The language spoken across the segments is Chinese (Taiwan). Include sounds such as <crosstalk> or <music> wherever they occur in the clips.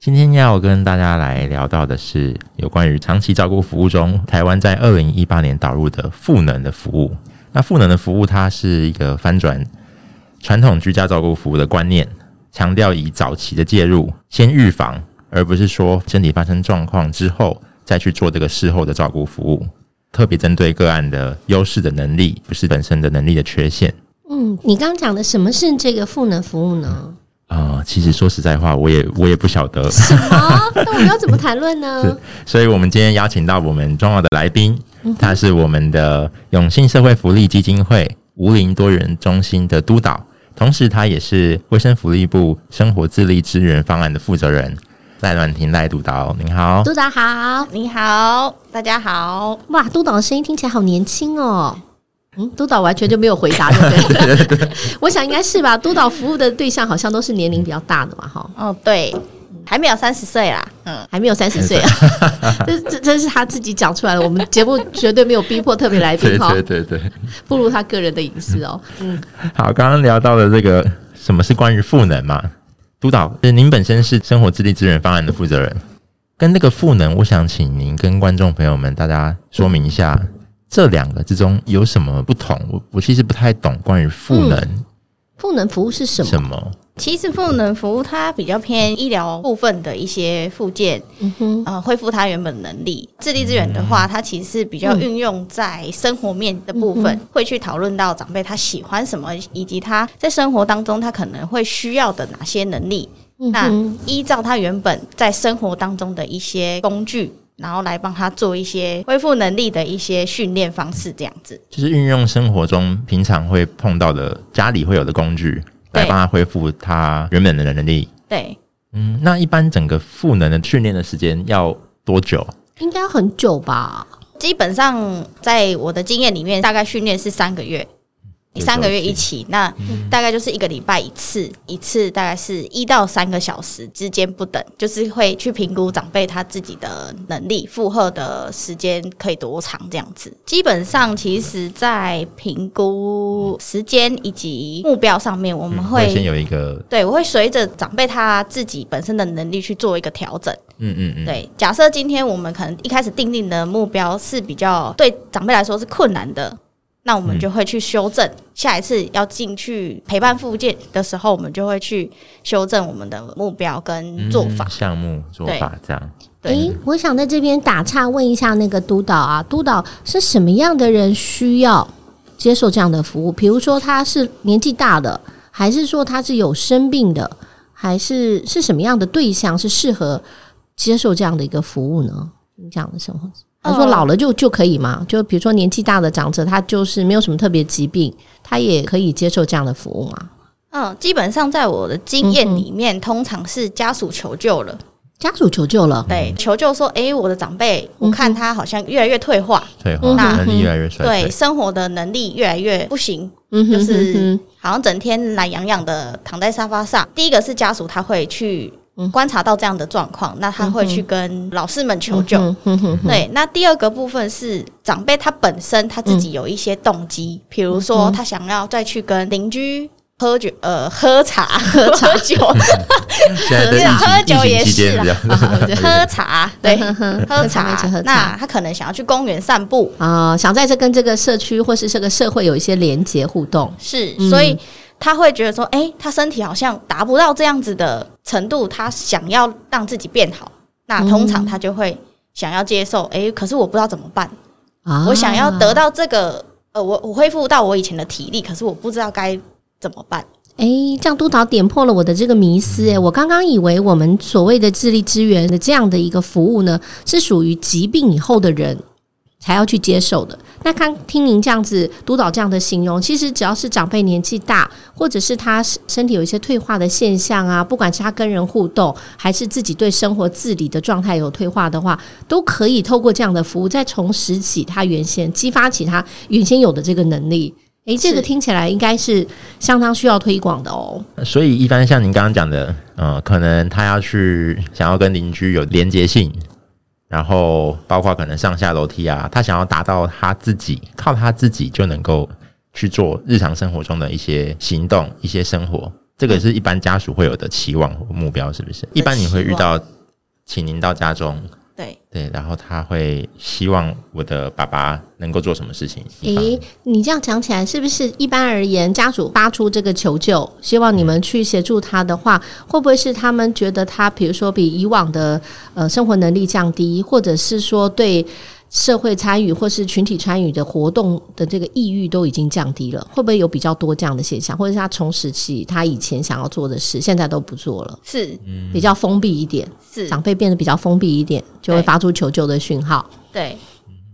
今天要跟大家來聊到的是有關於長期照顧服務中，台灣在二零一八年導入的賦能的服務。那賦能的服務，它是一個翻轉傳統居家照顧服務的觀念，強調以早期的介入先預防，而不是說身體發生狀況之後再去做這個事後的照顧服務。特別針對個案的優勢的能力，不是本身的能力的缺陷。嗯，你剛講的什麼是這個賦能服務呢？啊、呃，其實說實在話，我也我也不曉得。什麼？那我們要怎麼談論呢 <laughs> ？所以，我們今天邀請到我們重要的來賓，嗯、哼他是我們的永信社會福利基金會珸聆多元中心的督導，同時他也是衛生福利部生活自立支援方案的負責人賴暖婷賴督導，你好，督導好，你好，大家好。哇，督導的聲音聽起來好年輕哦。嗯，督導完全就沒有回答對不對？我想應該是吧。督導服務的對象好像都是年齡比較大的嘛，哈。哦，對，還沒有三十歲啦。嗯，還沒有三十歲。這這真是他自己講出來了。我們節目絕對沒有逼迫特別來賓。對，對對對。不如他個人的隱私哦。嗯。好，剛剛聊到了這個，什麼是關於賦能嘛？督導，就是您本身是生活自立支援方案的負責人，跟那個賦能，我想請您跟觀眾朋友們大家說明一下。這兩個之中有什麼不同？我我其實不太懂關於賦能、嗯。賦能服務是什麼？什麼？其實賦能服務它比較偏醫療部分的一些附件，嗯哼，啊、呃，恢復它原本能力。自立支援的話，它其實是比較運用在生活面的部分，嗯、會去討論到長輩他喜歡什麼，以及他在生活當中他可能會需要的哪些能力。嗯、哼那依照他原本在生活當中的一些工具。然後來幫他做一些恢復能力的一些訓練方式，這樣子就是運用生活中平常會碰到的家裡會有的工具對來幫他恢復他原本的能力。對，嗯，那一般整個賦能的訓練的時間要多久？應該很久吧。基本上在我的經驗裡面，大概訓練是三個月。你三個月一起，那大概就是一個禮拜一次，嗯、一次大概是一到三個小時之間不等，就是會去評估長輩他自己的能力，負荷的時間可以多長這樣子。基本上，其實在評估時間以及目標上面，我們會、嗯、我先有一個對，我會隨着長輩他自己本身的能力去做一個調整。嗯嗯嗯，嗯嗯對。假設今天我們可能一開始訂定的目標是比較對長輩來說是困難的。那我們就會去修正，嗯、下一次要進去陪伴附件的時候，我們就會去修正我們的目標跟做法、項、嗯、目做法這樣。誒對對、欸，我想在這邊打岔問一下那個督導啊，督導是什麼樣的人需要接受這樣的服務？比如說他是年紀大的，還是說他是有生病的，還是是什麼樣的對象是適合接受這樣的一個服務呢？你講的時候。他說：“老了就、嗯、就可以嘛，就比如說年紀大的長者，他就是沒有什麼特別疾病，他也可以接受這樣的服務嘛。”嗯，基本上在我的經驗裡面，嗯、哼通常是家屬求救了。家屬求救了，對，求救說：“哎、欸，我的長輩，嗯、哼我看他好像越來越退化，退化，那能力越來越衰弱，對，生活的能力越來越不行，嗯、哼就是好像整天懶洋洋的躺在沙發上。嗯哼”第一個是家屬，他會去。觀察到這樣的狀況，那他會去跟老師們求救。嗯、哼對，那第二個部分是長輩他本身他自己有一些動機，譬、嗯、哼如說他想要再去跟鄰居喝酒，呃，喝茶，喝茶喝酒，喝茶酒也是，啊、喝茶，對，喝茶，嗯、哼那他可能想要去公園散步啊、呃，想在這跟這個社區或是這個社會有一些連結互動。是，所以他會覺得說，哎、欸，他身體好像達不到這樣子的。程度，他想要讓自己變好，那通常他就會想要接受。哎、嗯欸，可是我不知道怎麼辦。啊，我想要得到這個，呃，我我恢復到我以前的體力，可是我不知道該怎麼辦。哎、欸，這樣督導點破了我的這個迷思。欸。誒，我剛剛以為我們所謂的智力資源的這樣的一個服務呢，是屬於疾病以後的人。才要去接受的。那剛聽您這樣子督導這樣的形容，其實只要是長輩年紀大，或者是他身體有一些退化的現象啊，不管是他跟人互動，還是自己對生活自理的狀態有退化的話，都可以透過這樣的服務再重拾起他原先，激發起他原先有的這個能力。誒，這個聽起來應該是相當需要推廣的哦。所以一般像您剛剛講的，呃，可能他要去想要跟鄰居有連接性。然後，包括可能上下樓梯啊，他想要達到他自己靠他自己就能夠去做日常生活中的一些行動、一些生活，這個是一般家屬會有的期望和目標，是不是？一般你會遇到，請您到家中。對對，然後他會希望我的爸爸能夠做什麼事情？咦，你這樣講起來，是不是一般而言，家屬發出這個求救，希望你們去協助他的話，嗯、會不會是他們覺得他，比如說比以往的呃生活能力降低，或者是說對？社會參與或是群體參與的活動的這個意欲都已經降低了，會不會有比較多這樣的現象？或者是他重拾起他以前想要做的事，現在都不做了？是，嗯、比較封閉一點，是長輩變得比較封閉一點，對就會發出求救的訊號。對，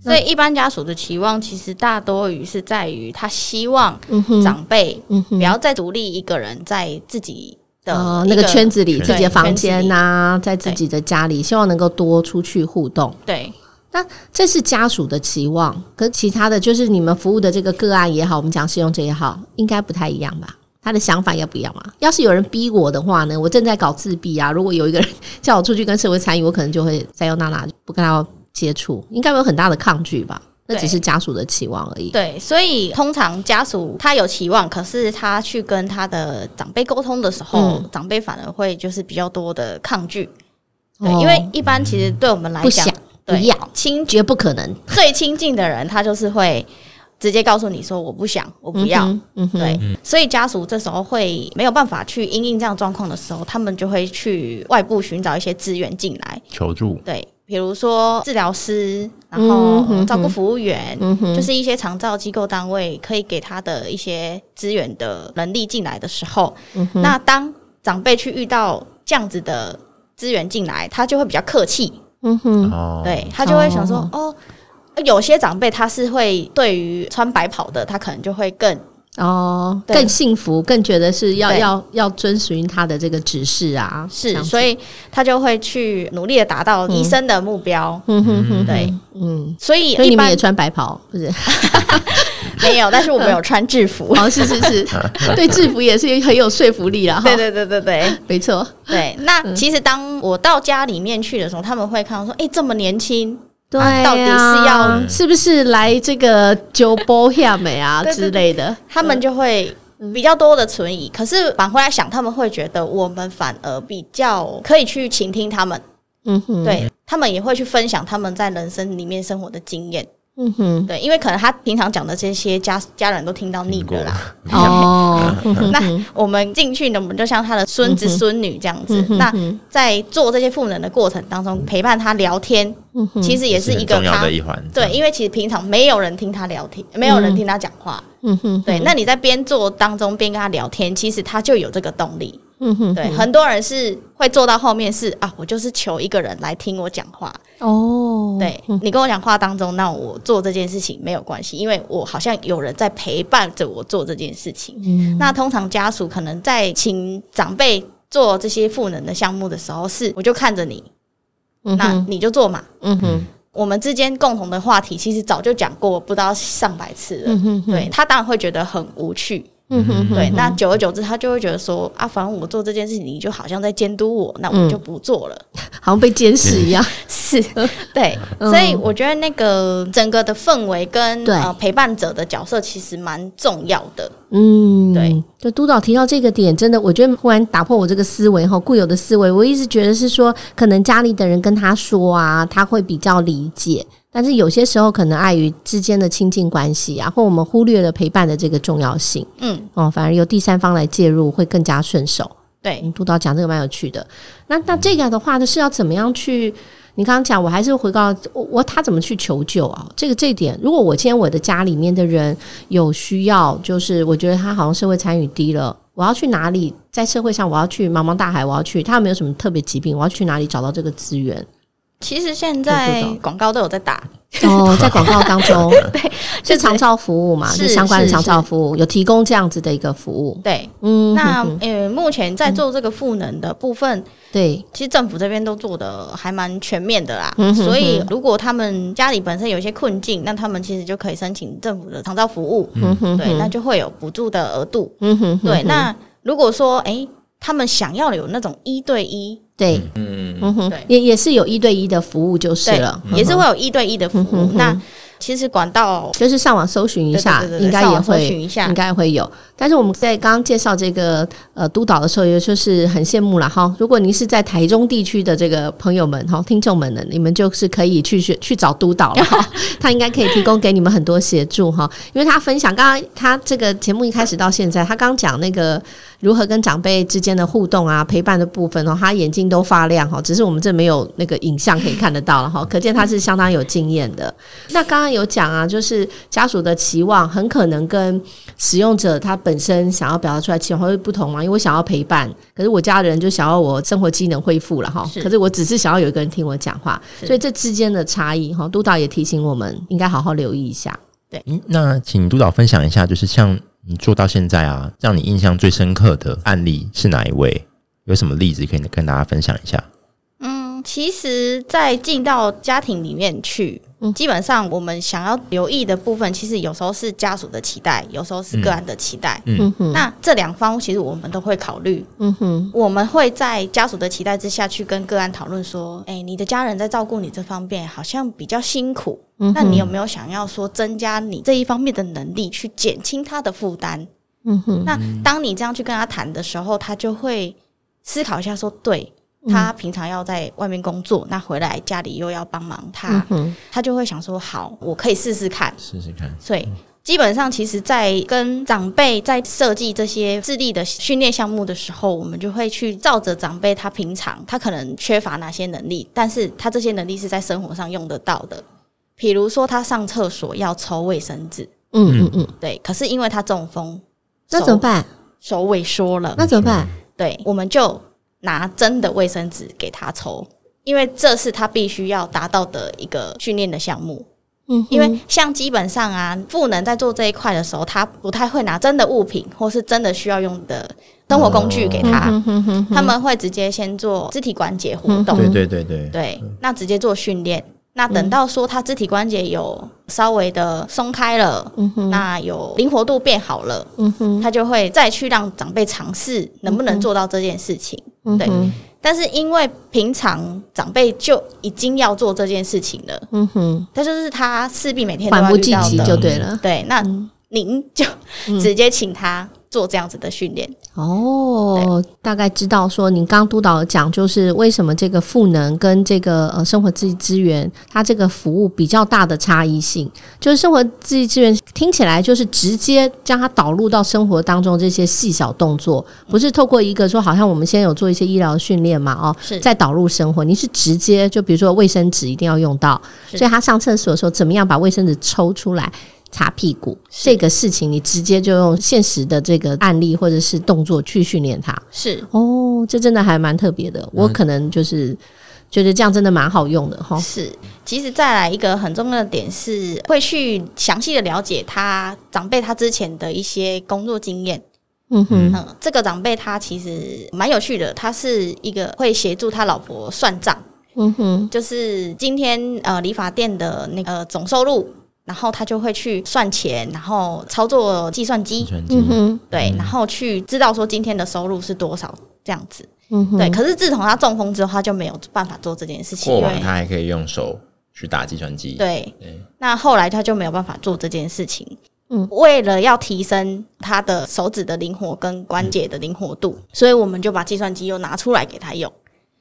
那所以一般家屬的期望其實大多於是在於他希望長輩、嗯嗯、不要再獨立一個人在自己的個、呃、那個圈子裡，自己的房間啊，在自己的家裡，對希望能夠多出去互動。對。那這是家屬的期望，跟其他的就是你們服務的這個個案也好，我們講試用者也好，應該不太一樣吧？他的想法也不一樣嘛。要是有人逼我的話呢，我正在搞自閉啊。如果有一個人叫我出去跟社會參與，我可能就會再又那娜不跟他接觸，應該有很大的抗拒吧？對那只是家屬的期望而已。對，所以通常家屬他有期望，可是他去跟他的長輩溝通的時候，嗯、長輩反而會就是比較多的抗拒。對，哦、對因為一般其實對我們來講。不要，親絕不可能。最親近的人，他就是會直接告訴你說：“我不想，我不要。嗯”嗯、對，嗯、哼所以家屬這時候會沒有辦法去因應這樣狀況的時候，他們就會去外部尋找一些資源進來求助。對，比如說治療師，然後照顧服務員，嗯、哼就是一些長照機構單位可以給他的一些資源的能力進來的時候。嗯、哼那當長輩去遇到這樣子的資源進來，他就會比較客氣。嗯哼，對他就會想說，哦，哦，有些長輩他是會對於穿白袍的，他可能就會更哦，對更幸福，更覺得是要對要要遵循他的這個指示啊，是，所以他就會去努力的達到醫生的目標。嗯，對嗯哼哼，對，嗯，所以一般所以你們也穿白袍，不是？ <laughs> 沒有，但是我沒有穿制服。 <laughs> 哦，是是是，對制服也是很有說服力啦。 <laughs> 對對對對對，對沒錯，沒錯。對，那其實當我到家裡面去的時候，他們會看到說：“哎、欸，這麼年輕，對、啊啊，到底是要對對是不是來這個酒吧下面啊之類的？”嗯、他們就會比較多的存疑。可是反過來想，他們會覺得我們反而比較可以去傾聽他們。嗯哼，對，他們也會去分享他們在人生裡面生活的經驗。嗯哼，對，因為可能他平常講的這些家家人都聽到膩過啦。過 <laughs> 哦，那我們進去呢，我們就像他的孫子孫女這樣子。嗯、哼那在做這些賦能的過程當中，嗯、哼陪伴他聊天，其實也是一個是很重要的一環。對，因為其實平常沒有人聽他聊天，沒有人聽他講話。嗯哼對，那你在邊做當中邊跟他聊天，其實他就有這個動力。嗯 <music> 對，很多人是會做到後面是啊，我就是求一個人來聽我講話哦。Oh. 對，你跟我講話當中，那我做這件事情沒有關係，因為我好像有人在陪伴着我做這件事情。嗯， <music> 那通常家屬可能在請長輩做這些賦能的項目的時候，是我就看着你，那你就做嘛。嗯 <music> <music> 我們之間共同的話題其實早就講過，不知道上百次了。 <music> <music> 對，他當然會覺得很無趣。嗯哼、哼、哼，對，那久而久之，他就會覺得說啊，反正我做這件事情，你就好像在監督我，那我就不做了，嗯、好像被監視一樣。嗯、是，對，嗯、所以我覺得那個整個的氛圍跟對、呃、陪伴者的角色其實蠻重要的。嗯，對。就督導提到這個點，真的，我覺得忽然打破我這個思維哈固有的思維，我一直覺得是說，可能家裡的人跟他說啊，他會比較理解。但是有些時候可能礙於之間的親近關係、啊，然後我們忽略了陪伴的這個重要性，嗯，哦，反而由第三方來介入會更加順手。對、嗯，督導講這個蠻有趣的。那那這個的話呢，是要怎麼樣去？你剛剛講，我還是回告我，我他怎麼去求救啊？這個這一、個、點，如果我今天我的家裡面的人有需要，就是我覺得他好像社會參與低了，我要去哪裡？在社會上我要去茫茫大海，我要去他有沒有什麼特別疾病？我要去哪裡找到這個資源？其實現在廣告都有在打哦，在廣告當中，對是長照服務嘛，是相關的長照服務有提供這樣子的一個服務，對，嗯，那呃，目前在做這個賦能的部分，對，其實政府這邊都做得還蠻全面的啦，所以如果他們家裡本身有一些困境，那他們其實就可以申請政府的長照服務，對，那就會有補助的額度，對，那如果說哎。他們想要有那種一對一，對，嗯哼，對，也也是有一對一的服務就是了，對嗯、哼也是會有一對一的服務。嗯、哼那其實管道就是上網搜尋一下，對對對對應該也會，搜尋一下應該會有。但是我們在剛剛介紹這個呃督導的時候，也就是很羨慕了哈。如果您是在台中地區的這個朋友們哈，聽眾們呢，你們就是可以去去去找督導了， <laughs> 齁他應該可以提供給你們很多協助哈，因為他分享剛剛他這個節目一開始到現在，他剛講那個。如何跟長輩之間的互動啊，陪伴的部分哦，他眼睛都發亮哈，只是我們這沒有那個影像可以看得到了哈， <laughs> 可見他是相當有經驗的。那剛剛有講啊，就是家屬的期望很可能跟使用者他本身想要表達出來期望會不同啊，因為我想要陪伴，可是我家人就想要我生活機能恢復了哈，是可是我只是想要有一個人聽我講話，是所以這之間的差異哈，督導也提醒我們應該好好留意一下。對，嗯，那請督導分享一下，就是像。你做到現在啊，讓你印象最深刻的案例是哪一位？有什麼例子可以跟大家分享一下？嗯，其實在進到家庭裡面去。基本上，我們想要留意的部分，其實有時候是家屬的期待，有時候是個案的期待。嗯哼，那這兩方其實我們都會考慮。嗯哼，我們會在家屬的期待之下去跟個案討論說：“誒、欸，你的家人在照顧你這方面好像比較辛苦，嗯哼，那你有沒有想要說增加你這一方面的能力，去減輕他的負擔？”嗯哼，那當你這樣去跟他談的時候，他就會思考一下說：“對。”他平常要在外面工作，那回來家裡又要幫忙他，嗯、哼他就會想說：“好，我可以試試看，試試看。”所以基本上，其實，在跟長輩在設計這些智力的訓練項目的時候，我們就會去照着長輩他平常他可能缺乏哪些能力，但是他這些能力是在生活上用得到的。比如說，他上廁所要抽衛生紙，嗯嗯嗯，對。可是因為他中風，那怎麼辦？手萎縮了，那怎麼辦？對，我們就。拿真的衛生紙給他抽，因為這是他必須要達到的一個訓練的項目。嗯哼，因為像基本上啊，復能在做這一塊的時候，他不太會拿真的物品或是真的需要用的生活工具給他。嗯、哼他們會直接先做肢體關節活動。嗯、哼對對對對。對，那直接做訓練。那等到說他肢體關節有稍微的鬆開了，嗯、哼那有靈活度變好了，嗯哼他就會再去讓長輩嘗試能不能做到這件事情。嗯，對，但是因為平常長輩就已經要做這件事情了，嗯哼，他就是他勢必每天都要遇到的，就對了，對，那您就直接請他。嗯嗯做這樣子的訓練哦，對大概知道說，您剛督導講，就是為什麼這個賦能跟這個呃生活自立資源，它這個服務比較大的差異性，就是生活自立資源聽起來就是直接將它導入到生活當中這些細小動作，不是透過一個說，好像我們先有做一些醫療的訓練嘛，哦，再是導入生活，你是直接就比如說衛生紙一定要用到，是所以他上廁所的時候怎麼樣把衛生紙抽出來。擦屁股是這個事情，你直接就用現實的這個案例或者是動作去訓練他，是哦，這真的還蠻特別的。嗯、我可能就是覺得這樣真的蠻好用的哈。是，其實再來一個很重要的點是，會去詳細的了解他長輩他之前的一些工作經驗。嗯哼嗯，這個長輩他其實蠻有趣的，他是一個會協助他老婆算賬。嗯哼，就是今天呃理髮店的那個、呃、總收入。然後他就會去算錢，然後操作計算機，對，嗯、然後去知道說今天的收入是多少這樣子。嗯哼對，可是自從他中風之後，他就沒有辦法做這件事情。過往他還可以用手去打計算機，為對。對，那後來他就沒有辦法做這件事情。嗯，為了要提升他的手指的靈活跟關節的靈活度，嗯、所以我們就把計算機又拿出來給他用。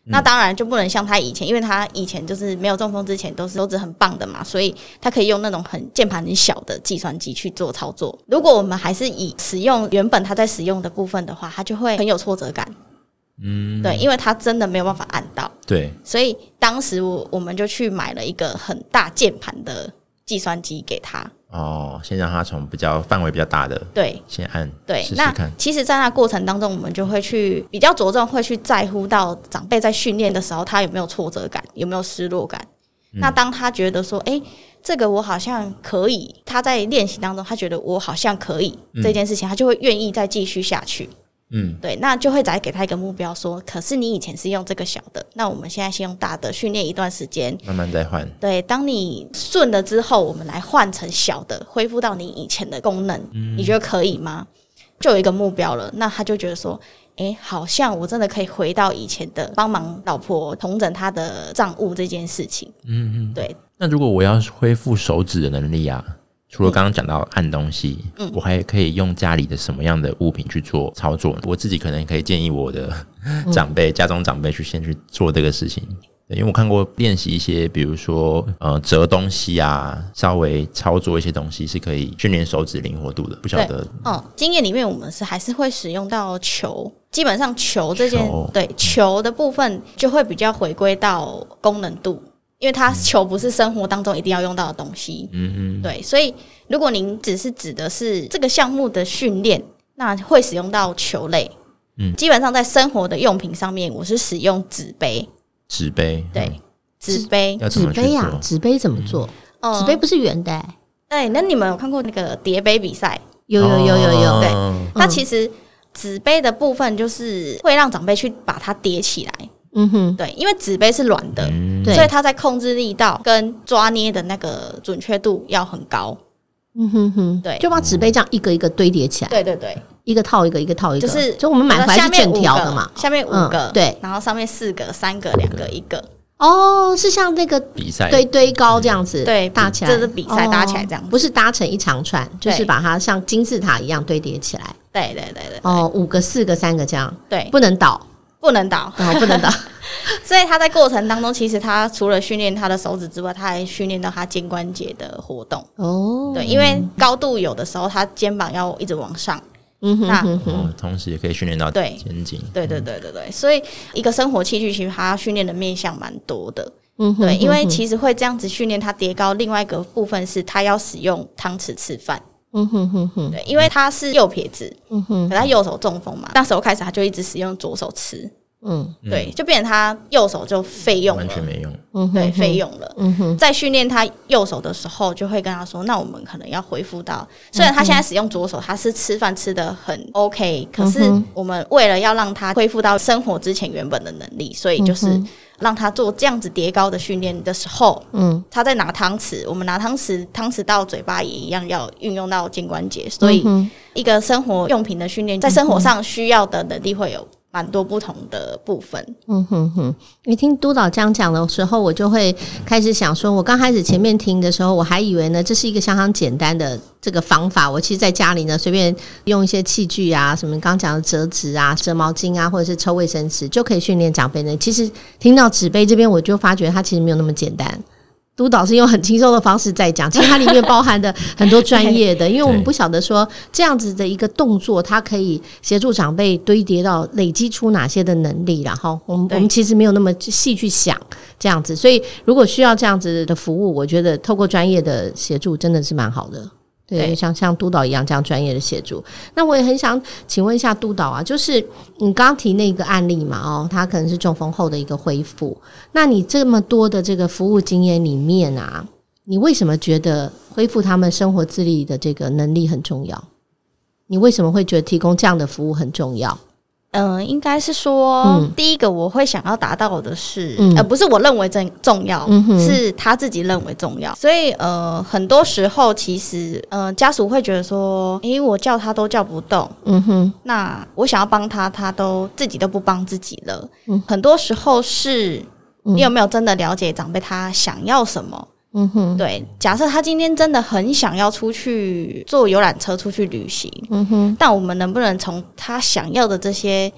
嗯、那當然就不能像他以前，因為他以前就是沒有中風之前都是都是很棒的嘛，所以他可以用那種很鍵盤很小的計算機去做操作。如果我們還是以使用原本他在使用的部分的話，他就會很有挫折感。嗯，對，因為他真的沒有辦法按到。對，所以當時我我們就去買了一個很大鍵盤的計算機給他。哦，先讓他從比較範圍比較大的對，先按試試看，對，那其實，在那過程當中，我們就會去比較着重，會去在乎到長輩在訓練的時候，他有沒有挫折感，有沒有失落感。嗯、那當他覺得說，誒、欸，這個我好像可以，他在練習當中，他覺得我好像可以，嗯、這件事情，他就會願意再繼續下去。嗯，對，那就會再給他一個目標，說，可是你以前是用這個小的，那我們現在先用大的訓練一段時間，慢慢再換。對，當你順了之後，我們來換成小的，恢復到你以前的功能，嗯、你覺得可以嗎？就有一個目標了，那他就覺得說，誒、欸，好像我真的可以回到以前的幫忙老婆統整他的賬務這件事情。嗯嗯，對。那如果我要恢復手指的能力啊？除了剛剛講到按東西，嗯、我還可以用家裡的什麼樣的物品去做操作呢？我自己可能可以建議我的長輩、嗯、家中長輩去先去做這個事情。對，因為我看過練習一些，比如說呃折東西啊，稍微操作一些東西是可以訓練手指靈活度的。不曉得，嗯，經驗裡面我們是還是會使用到球，基本上球這件球，對，球的部分就會比較回歸到功能度。因為它球不是生活當中一定要用到的東西，嗯嗯，對，所以如果您只是指的是這個項目的訓練，那會使用到球類，嗯，基本上在生活的用品上面，我是使用紙杯，紙杯，對，紙杯，紙杯呀，紙杯怎麼做？紙杯不是圓的，哎，那你們有看過那個疊杯比賽？有有有有有，對，它其實紙杯的部分就是會讓長輩去把它疊起來。嗯哼，對，因為紙杯是軟的，對，所以它在控制力道跟抓捏的那個準確度要很高。嗯哼哼，對，就把紙杯這樣一個一個堆疊起來。對對對，一個套一個，一個套一個，就是就我們買回來是整條的嘛，下面五個，對，然後上面四個、三個、兩個、一個。哦，是像那個比賽堆堆高這樣子，對，搭起來這是比賽搭起來這樣，不是搭成一長串，就是把它像金字塔一樣堆疊起來。對對對對，哦，五個、四個、三個這樣，對，不能倒。不能倒，哦，不能倒。 <laughs> 所以他在過程當中，其實他除了訓練他的手指之外，他還訓練到他肩關節的活動哦。對，因為高度有的時候他肩膀要一直往上。嗯，同時也可以訓練到肩頸，對肩頸。對、嗯、對對對對。所以一個生活器具，其實他訓練的面向蠻多的。嗯哼哼，對，因為其實會這樣子訓練他疊高。另外一個部分是，他要使用湯匙吃飯。嗯哼哼哼，對，因為他是右撇子。嗯哼哼，可他右手中風嘛，那時候開始他就一直使用左手吃。嗯，對，就變成他右手就廢用了，完全沒用。嗯，對，廢用了嗯。嗯哼，在訓練他右手的時候，就會跟他說：“那我們可能要恢復到，雖然他現在使用左手，他是吃飯吃得很 OK，可是我們為了要讓他恢復到生活之前原本的能力，所以就是讓他做這樣子疊高的訓練的時候，嗯哼，他在拿湯匙，我們拿湯匙，湯匙到嘴巴也一樣要運用到肩關節，所以一個生活用品的訓練，在生活上需要的能力會有。”蠻多不同的部分，嗯哼哼。你聽督導這樣講的時候，我就會開始想說，我剛開始前面聽的時候，我還以為呢，這是一個相當簡單的這個方法。我其實在家裡呢，隨便用一些器具啊，什麼剛講的折紙啊、折毛巾啊，或者是抽衛生紙，就可以訓練長輩呢。其實聽到紙杯這邊，我就發覺它其實沒有那麼簡單。督導是用很輕鬆的方式在講，其實它裡面包含的很多專業的，因為我們不曉得說這樣子的一個動作，它可以協助長輩堆疊到累積出哪些的能力，然後我們我們其實沒有那麼細去想這樣子，所以如果需要這樣子的服務，我覺得透過專業的協助真的是蠻好的。對，像像督導一樣這樣專業的協助。對那我也很想請問一下督導啊，就是你剛剛提那個案例嘛，哦，他可能是中風後的一個恢復。那你這麼多的這個服務經驗裡面啊，你為什麼覺得恢復他們生活自理的這個能力很重要？你為什麼會覺得提供這樣的服務很重要？嗯、呃，應該是說，嗯、第一個我會想要達到的是，嗯、呃，不是我認為真重要，嗯哼，是他自己認為重要。所以，呃，很多時候其實，呃，家屬會覺得說，誒、欸、我叫他都叫不動，嗯哼，那我想要幫他，他都自己都不幫自己了。嗯、很多時候是，你有沒有真的了解長輩他想要什麼？嗯哼，對。假設他今天真的很想要出去坐遊覽車出去旅行，嗯哼，但我們能不能從他想要的這些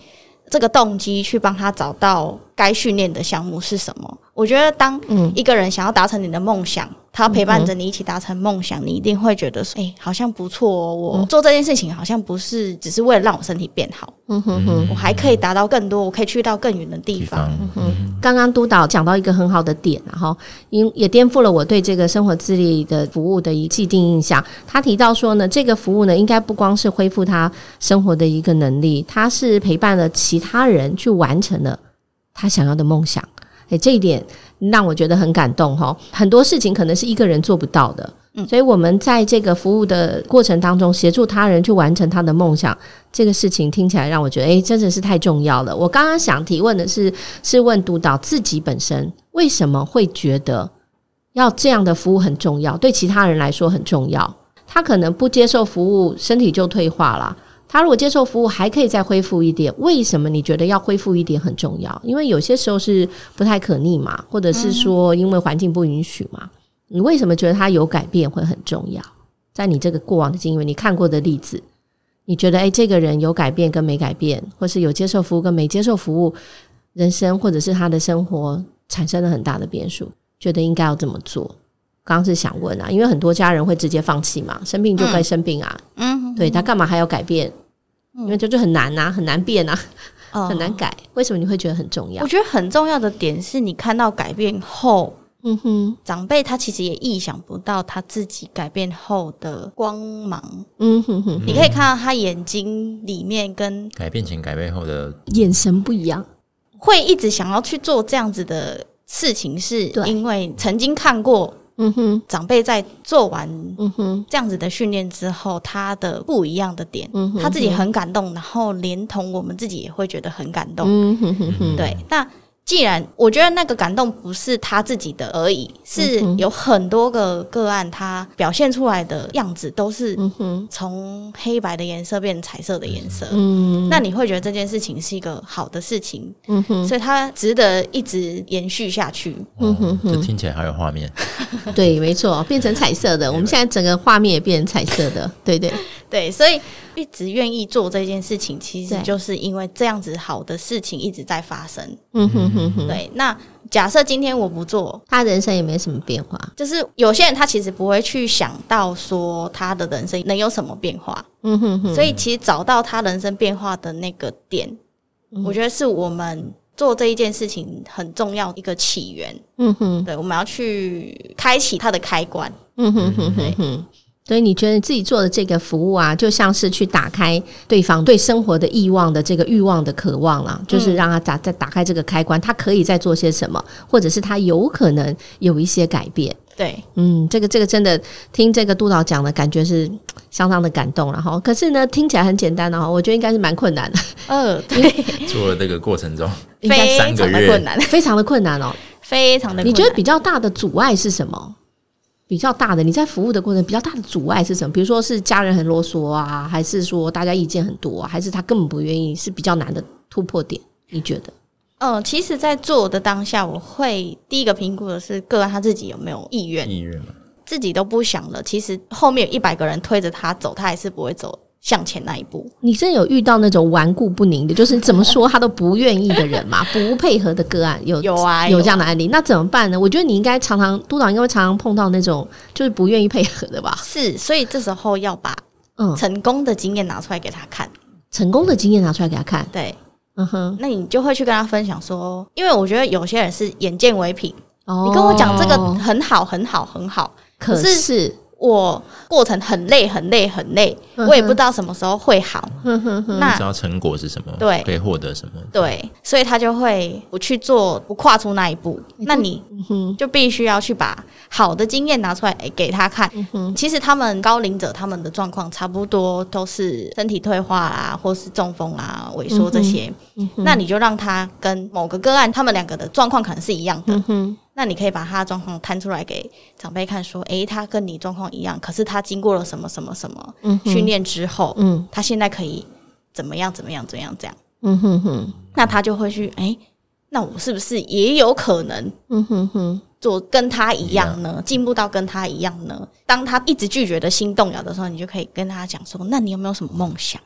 這個動機去幫他找到，該訓練的項目是什麼？我覺得，當一個人想要達成你的夢想，嗯、他陪伴着你一起達成夢想，嗯、你一定會覺得說：誒、欸，好像不錯哦。我做這件事情好像不是只是為了讓我身體變好，嗯哼哼，嗯、哼，我還可以達到更多，我可以去到更遠的地方。地方，嗯、哼，剛剛督導講到一個很好的點，然後因也顛覆了我對這個生活自立的服務的一既定印象。他提到說呢，這個服務呢，應該不光是恢復他生活的一個能力，他是陪伴了其他人去完成的。他想要的夢想，誒、欸，這一點讓我覺得很感動吼、哦，很多事情可能是一個人做不到的，嗯，所以我們在這個服務的過程當中，協助他人去完成他的夢想，這個事情聽起來讓我覺得，誒、欸，真的是太重要了。我剛剛想提問的是，是問督導自己本身為什麼會覺得要這樣的服務很重要？對其他人來說很重要，他可能不接受服務，身體就退化了。他如果接受服務，還可以再恢復一點。為什麼你覺得要恢復一點很重要？因為有些時候是不太可逆嘛，或者是說因為環境不允許嘛。你為什麼覺得他有改變會很重要？在你這個過往的經歷，你看過的例子，你覺得誒、欸，這個人有改變跟沒改變，或是有接受服務跟沒接受服務，人生或者是他的生活產生了很大的變數，覺得應該要怎麼做？剛剛是想問啊，因為很多家人會直接放棄嘛，生病就該生病啊，嗯嗯對，他幹嘛還要改變？嗯、因為這就很難吶、啊，很難變吶、啊，哦、 <laughs> 很難改。為什麼你會覺得很重要？我覺得很重要的點是你看到改變後，嗯哼，長輩他其實也意想不到他自己改變後的光芒，嗯哼哼。你可以看到他眼睛裡面跟改變前、改變後的眼神不一樣，會一直想要去做這樣子的事情，是因為曾經看過。嗯哼，長輩在做完嗯哼這樣子的訓練之後，嗯哼，他的不一樣的點，嗯哼，他自己很感動，嗯哼，然後連同我們自己也會覺得很感動，嗯哼哼哼，對，那。既然我覺得那個感動不是他自己的而已，是有很多個個案，他表現出來的樣子都是從黑白的顏色變成彩色的顏色。嗯哼，那你會覺得這件事情是一個好的事情？嗯哼，所以他值得一直延續下去。嗯哼，哦，這聽起來還有畫面，嗯。對，沒錯，變成彩色的，我們現在整個畫面也變成彩色的。對對對，對，所以一直願意做這件事情，其實就是因為這樣子好的事情一直在發生。嗯哼。嗯、對，那假設今天我不做，他人生也沒什麼變化。就是有些人他其實不會去想到說他的人生能有什麼變化。嗯哼哼，所以其實找到他人生變化的那個點，嗯、哼我覺得是我們做這一件事情很重要一個起源。嗯哼對，我們要去開啟他的開關。嗯哼哼。所以你覺得你自己做的這個服務啊，就像是去打開對方對生活的欲望的這個欲望的渴望啦、啊，就是讓他打、嗯、再打開這個開關，他可以再做些什麼，或者是他有可能有一些改變。對，嗯，這個這個真的聽這個督導講的感覺是相當的感動了哈。可是呢，聽起來很簡單哦，我覺得應該是蠻困難的。嗯、哦，對， <laughs> 做了這個過程中，非應該三個月，非常的困難哦，非常的困難。你覺得比較大的阻礙是什麼？比較大的，你在服務的過程比較大的阻礙是什麼？比如說是家人很囉嗦啊，還是說大家意見很多啊，還是他根本不願意？是比較難的突破點？你覺得？嗯、呃，其實，在做的當下，我會第一個評估的是個案他自己有沒有意願，意願自己都不想了。其實後面有一百個人推着他走，他也是不會走的。向前那一步，你真的有遇到那種頑固不寧的，就是你怎麼說他都不願意的人嘛， <laughs> 不配合的個案有有啊，有這樣的案例。啊、那怎麼辦呢？我覺得你應該常常督導，應該會常常碰到那種就是不願意配合的吧？是，所以這時候要把嗯，成功的經驗拿出來給他看。嗯，成功的經驗拿出來給他看，嗯、對，嗯哼，那你就會去跟他分享說，因為我覺得有些人是眼見為憑，哦、你跟我講這個很好，很好，很好，可是。可是過過程很累，很累，很累、嗯哼，我也不知道什麼時候會好。嗯、哼哼，那你知道成果是什麼？對，可以獲得什麼？對，所以他就會不去做，不跨出那一步。嗯、哼那你就必須要去把好的經驗拿出來，給他看。嗯、哼其實他們高齡者他們的狀況差不多，都是身體退化啊，或是中風啊、萎縮這些。嗯、哼那你就讓他跟某個個案，他們兩個的狀況可能是一樣的。嗯那你可以把他的狀況攤出來給長輩看，說：“欸，他跟你狀況一樣，可是他經過了什麼什麼什麼訓練之後，嗯哼，嗯，他現在可以怎麼樣怎麼樣怎樣這樣，嗯哼哼，那他就會去，欸，那我是不是也有可能，嗯哼哼，做跟他一樣呢，嗯、進步到跟他一樣呢？嗯哼，當他一直拒絕的心動搖的時候，你就可以跟他講說，那你有沒有什麼夢想？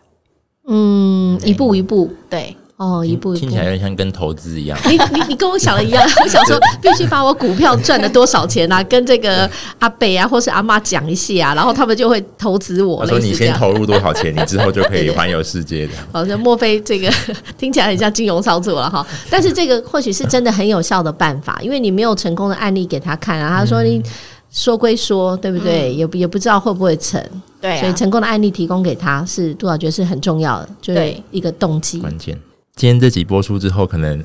嗯，對、一步一步，對。”哦，一步一步聽起來有點像跟投資一樣。你你、 <laughs> 欸、你跟我想的一樣，對我想說必須把我股票賺了多少錢啊，對跟這個阿伯啊或是阿媽講一下，啊，然後他們就會投資我。我說你先投入多少錢， <laughs> 你之後就可以環遊世界對對對。好像莫非這個聽起來很像金融操作了哈？對但是這個或許是真的很有效的辦法，因為你沒有成功的案例給他看啊。他說你說歸說，對不對？嗯、也也不知道會不會成。對，啊，所以成功的案例提供給他是多少覺得是很重要的，就是一個動機關鍵。今天這集播出之後，可能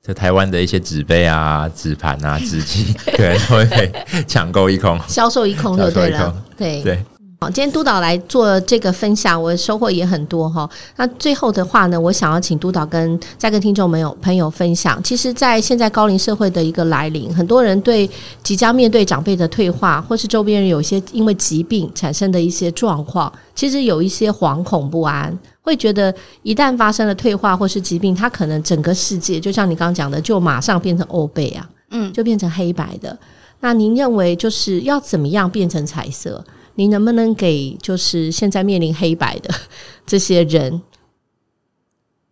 在台灣的一些紙杯啊、紙盤啊、紙巾， <laughs> 可能都會被搶購一空，銷售一空就對了，對。對好，今天督導來做這個分享，我收穫也很多哈。那最後的話呢，我想要請督導跟再跟聽眾朋友朋友分享。其實，在現在高齡社會的一個來臨，很多人對即將面對長輩的退化，或是周邊人有些因為疾病產生的一些狀況，其實有一些惶恐不安，會覺得一旦發生了退化或是疾病，他可能整個世界就像你剛剛講的，就馬上變成歐貝啊，嗯，就變成黑白的。那您認為就是要怎麼樣變成彩色？你能不能給就是現在面臨黑白的這些人，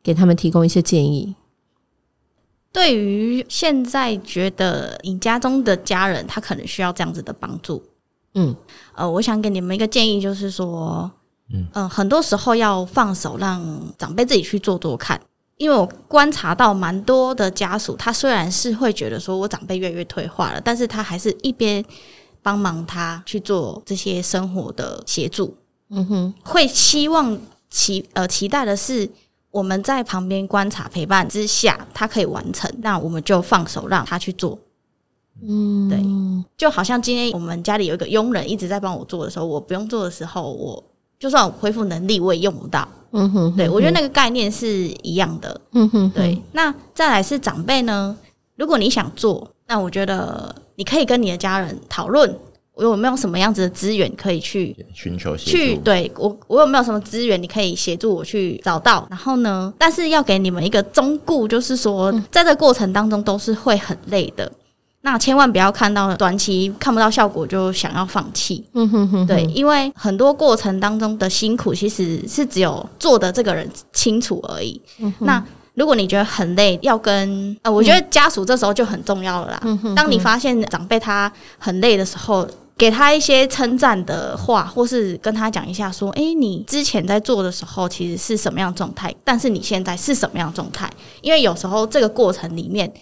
給他們提供一些建議？對於現在覺得你家中的家人，他可能需要這樣子的幫助。嗯、呃，我想給你們一個建議，就是說，嗯、呃，很多時候要放手，讓長輩自己去做做看。因為我觀察到蠻多的家屬，他雖然是會覺得說我長輩越來越退化了，但是他還是一邊。幫忙他去做這些生活的協助，嗯、呃、哼，會期望期呃期待的是我們在旁邊觀察陪伴之下，他可以完成，那我們就放手讓他去做，嗯，對，就好像今天我們家裡有一個傭人一直在幫我做的時候，我不用做的時候，我就算有恢復能力我也用不到，嗯哼，哼，哼，對我覺得那個概念是一樣的，嗯哼，對，那再來是長輩呢，如果你想做，那我覺得。你可以跟你的家人討論，我有沒有什麼樣子的資源可以去尋求去對，我我有沒有什麼資源，你可以協助我去找到。然後呢，但是要給你們一個忠告，就是說，在這過程當中都是會很累的。那千萬不要看到短期看不到效果就想要放棄。嗯哼哼，哼，對，因為很多過程當中的辛苦，其實是只有做的這個人清楚而已。嗯、哼那。如果你覺得很累，要跟，呃，我覺得家屬這時候就很重要了啦。嗯、哼哼。當你發現長輩他很累的時候，給他一些稱讚的話，或是跟他講一下說，誒、欸，你之前在做的時候其實是什麼樣狀態，但是你現在是什麼樣狀態？因為有時候這個過程裡面，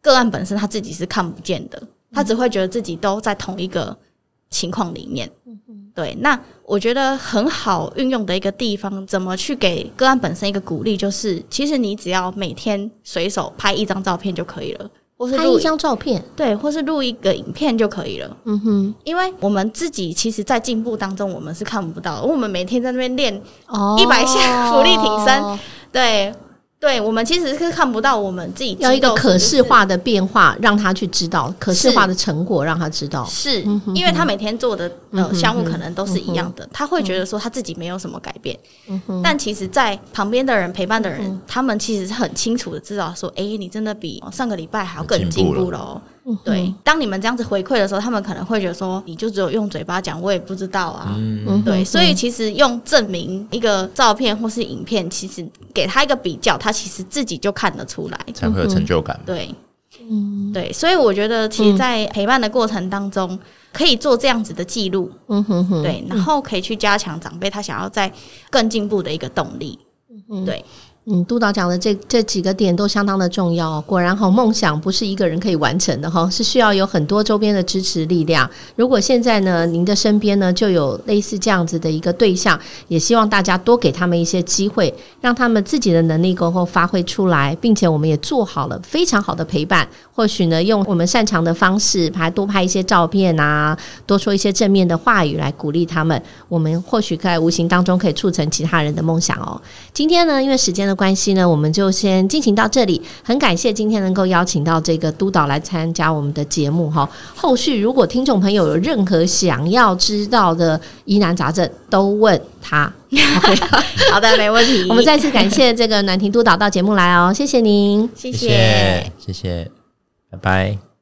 個案本身他自己是看不見的，他只會覺得自己都在同一個。情況裡面，嗯嗯，對，那我覺得很好運用的一個地方，怎麼去給個案本身一個鼓勵，就是其實你只要每天隨手拍一張照片就可以了，拍一張照片，對，或是錄一個影片就可以了，嗯哼，因為我們自己其實，在進步當中，我們是看不到的，我們每天在那邊練一百下伏地挺身、哦、對。對，我們其實是看不到我們自己，要一個可視化的變化，讓他去知道是可視化的成果，讓他知道，是、嗯、哼因為他每天做的呃項目可能都是一樣的，嗯、哼他會覺得說他自己沒有什麼改變，嗯、哼但其實，在旁邊的人陪伴的人，嗯、哼他們其實是很清楚的知道說，哎，你真的比上個禮拜還要更進步，步了。對，當你們這樣子回饋的時候，他們可能會覺得說，你就只有用嘴巴講，我也不知道啊。嗯，對，所以其實用證明一個照片或是影片，其實給他一個比較，他其實自己就看得出來，才會有成就感。對，嗯，對，所以我覺得，其實，在陪伴的過程當中，可以做這樣子的記錄。嗯，對，然後可以去加強長輩他想要再更進步的一個動力。嗯。對。嗯，督導講的這這幾個點都相當的重要哦。果然哈，夢想不是一個人可以完成的哈哦，是需要有很多周邊的支持力量。如果現在呢，您的身邊呢就有類似這樣子的一個對象，也希望大家多給他們一些機會，讓他們自己的能力過後發揮出來，並且我們也做好了非常好的陪伴。或許呢，用我們擅長的方式拍，多拍一些照片啊，多說一些正面的話語來鼓勵他們。我們或許在無形當中可以促成其他人的夢想哦。今天呢，因為時間的關係呢，我們就先進行到這裡。很感謝今天能夠邀請到這個督導來參加我們的節目哈。後續如果聽眾朋友有任何想要知道的疑難雜症，都問他。好的，沒問題。 <laughs> 我們再次感謝這個暖婷督導到節目來哦、喔，謝謝您，謝謝，謝謝，拜拜。